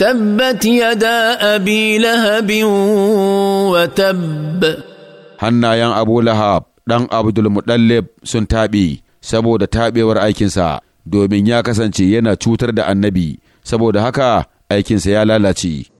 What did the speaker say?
تبت يدا أبي لهب وتب hannayen Abu Lahab ɗan Abdul Muttalib sun taɓe saboda taɓewar aikinsa domin ya kasance yana cutar da annabi saboda haka aikinsa ya lalace.